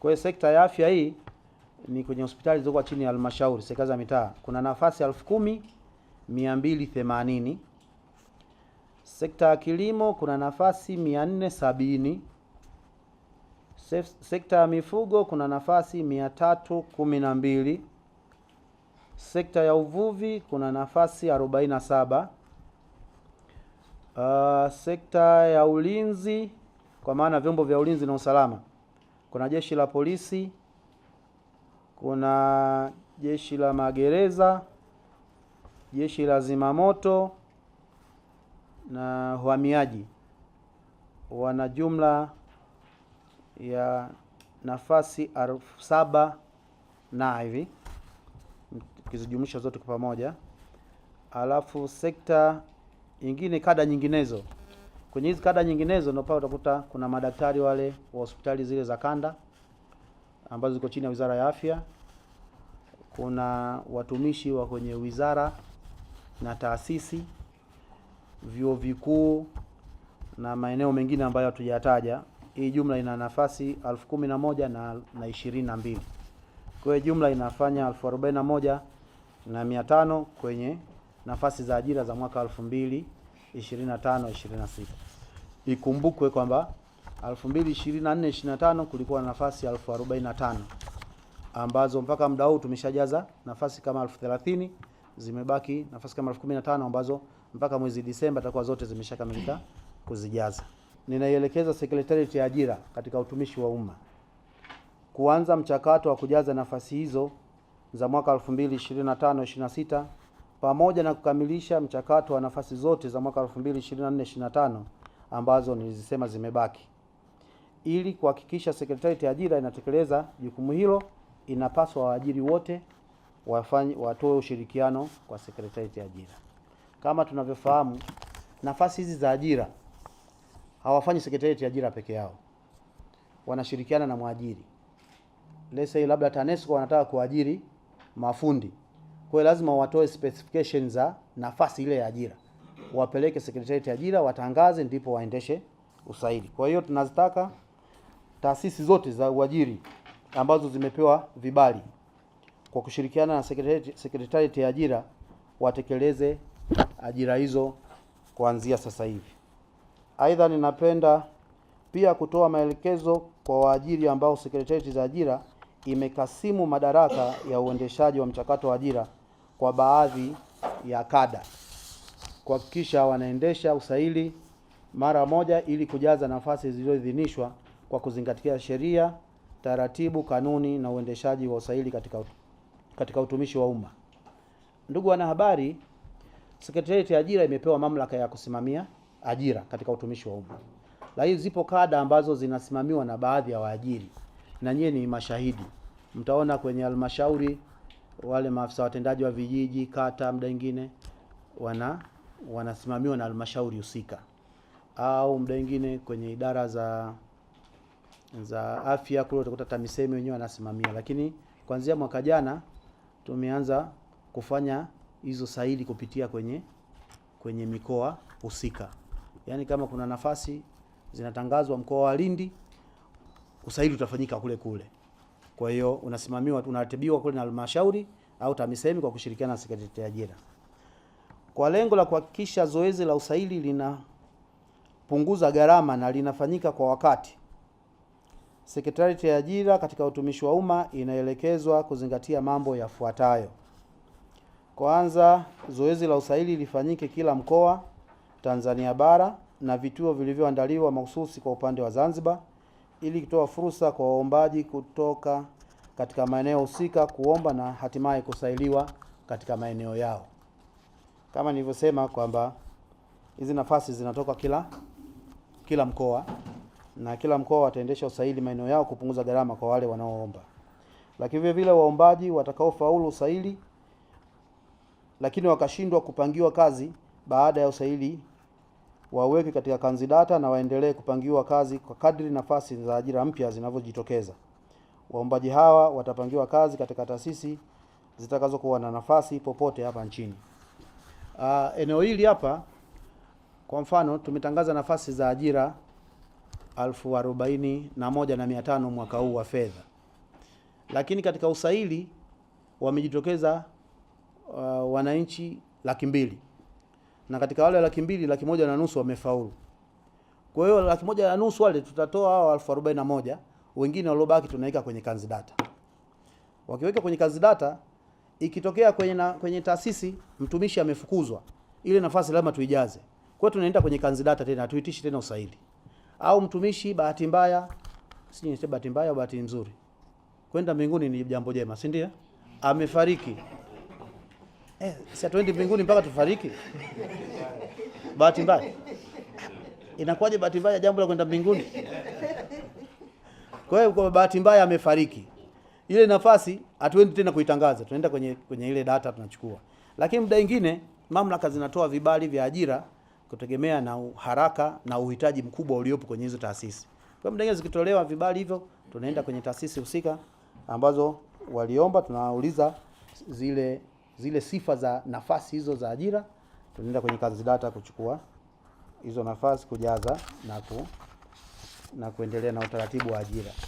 Kwa hiyo sekta ya afya hii ni kwenye hospitali zilizokuwa chini ya halmashauri, serikali za mitaa, kuna nafasi elfu kumi mia mbili themanini. Sekta ya kilimo kuna nafasi mia nne sabini. Sekta ya mifugo kuna nafasi mia tatu kumi na mbili. Sekta ya uvuvi kuna nafasi arobaini na saba. Uh, sekta ya ulinzi kwa maana vyombo vya ulinzi na usalama kuna jeshi la polisi, kuna jeshi la magereza, jeshi la zimamoto na uhamiaji, wana jumla ya nafasi elfu saba na hivi ukizijumuisha zote kwa pamoja, alafu sekta nyingine, kada nyinginezo Kwenye hizi kada nyinginezo ndio pale utakuta kuna madaktari wale wa hospitali zile za kanda ambazo ziko chini ya Wizara ya Afya, kuna watumishi wa kwenye wizara na taasisi, vyuo vikuu na maeneo mengine ambayo hatujataja. Hii jumla ina nafasi elfu kumi na moja na, na ishirini na mbili. Kwa hiyo jumla inafanya elfu arobaini na moja na mia tano kwenye nafasi za ajira za mwaka elfu mbili 25 26. Ikumbukwe kwamba 2024 25 kulikuwa na nafasi 1045 ambazo mpaka muda huu tumeshajaza nafasi kama 1030, zimebaki nafasi kama 1015 ambazo mpaka mwezi Disemba takuwa zote zimeshakamilika kuzijaza. Ninaielekeza Sekretarieti ya Ajira katika utumishi wa umma kuanza mchakato wa kujaza nafasi hizo za mwaka 2025 26 pamoja na kukamilisha mchakato wa nafasi zote za mwaka 2024/25 ambazo nilizisema zimebaki. Ili kuhakikisha Sekretarieti ya Ajira inatekeleza jukumu hilo, inapaswa waajiri wote wafanye watoe ushirikiano kwa Sekretarieti ya Ajira. Kama tunavyofahamu, nafasi hizi za ajira hawafanyi Sekretarieti ya Ajira peke yao, wanashirikiana na mwajiri. Let's say labda TANESCO wanataka kuajiri mafundi kwa lazima watoe specification za nafasi ile ya ajira, wapeleke secretariat ya ajira, watangaze, ndipo waendeshe usaili. Kwa hiyo tunazitaka taasisi zote za uajiri ambazo zimepewa vibali kwa kushirikiana na secretariat ya ajira watekeleze ajira hizo kuanzia sasa hivi. Aidha, ninapenda pia kutoa maelekezo kwa waajiri ambao secretariat za ajira imekasimu madaraka ya uendeshaji wa mchakato wa ajira kwa baadhi ya kada kuhakikisha wanaendesha usaili mara moja ili kujaza nafasi zilizoidhinishwa kwa kuzingatia sheria, taratibu, kanuni na uendeshaji wa usaili katika, katika utumishi wa umma. Ndugu wanahabari, Sekretarieti ya Ajira imepewa mamlaka ya kusimamia ajira katika utumishi wa umma, lakini zipo kada ambazo zinasimamiwa na baadhi ya waajiri, na nyie ni mashahidi, mtaona kwenye halmashauri wale maafisa watendaji wa vijiji, kata, muda mwingine wana wanasimamiwa na halmashauri husika, au mda mwingine kwenye idara za za afya kule utakuta TAMISEMI wenyewe wanasimamia, lakini kuanzia mwaka jana tumeanza kufanya hizo saidi kupitia kwenye kwenye mikoa husika, yaani kama kuna nafasi zinatangazwa mkoa wa Lindi, usaili utafanyika kule kule. Kwa hiyo unasimamiwa, unaratibiwa kule na halmashauri au TAMISEMI kwa kushirikiana na sekretarieti ya ajira kwa lengo la kuhakikisha zoezi la usaili linapunguza gharama na linafanyika kwa wakati. Sekretarieti ya ajira katika utumishi wa umma inaelekezwa kuzingatia mambo yafuatayo: kwanza, zoezi la usaili lifanyike kila mkoa Tanzania bara na vituo vilivyoandaliwa mahususi kwa upande wa Zanzibar ili kutoa fursa kwa waombaji kutoka katika maeneo husika kuomba na hatimaye kusailiwa katika maeneo yao. Kama nilivyosema kwamba hizi nafasi zinatoka kila kila mkoa na kila mkoa wataendesha usaili maeneo yao kupunguza gharama kwa wale wanaoomba. Lakini vile vile waombaji watakaofaulu usaili lakini wakashindwa kupangiwa kazi baada ya usaili waweke katika kanzidata na waendelee kupangiwa kazi kwa kadri nafasi za ajira mpya zinavyojitokeza. Waombaji hawa watapangiwa kazi katika taasisi zitakazokuwa na nafasi popote hapa nchini. Uh, eneo hili hapa kwa mfano tumetangaza nafasi za ajira elfu arobaini na moja na mia tano mwaka huu wa fedha, lakini katika usaili wamejitokeza uh, wananchi laki mbili na katika wale laki mbili laki moja na nusu wamefaulu. Kwa hiyo laki moja na nusu wale tutatoa hao elfu arobaini na moja wengine waliobaki tunaweka kwenye kanzi data. Wakiweka kwenye kanzi data, ikitokea kwenye na, kwenye taasisi mtumishi amefukuzwa, ile nafasi lazima tuijaze. Kwa hiyo tunaenda kwenye kanzi data tena, tuitishi tena usaili. Au mtumishi bahati mbaya, si bahati mbaya, bahati nzuri, kwenda mbinguni ni jambo jema, si ndio? Amefariki. Eh, si hatuendi mbinguni mpaka tufariki? bahati mbaya inakuwaje? Bahati mbaya jambo la kwenda mbinguni. Kwa hiyo kwa bahati mbaya amefariki, ile nafasi hatuendi tena kuitangaza, tunaenda kwenye, kwenye ile data tunachukua. Lakini muda mwingine mamlaka zinatoa vibali vya ajira kutegemea na haraka na uhitaji mkubwa uliopo kwenye hizo taasisi. Kwa muda mwingine zikitolewa vibali hivyo, tunaenda kwenye taasisi husika ambazo waliomba, tunauliza zile zile sifa za nafasi hizo za ajira, tunaenda kwenye kazi data kuchukua hizo nafasi kujaza na, ku, na kuendelea na utaratibu wa ajira.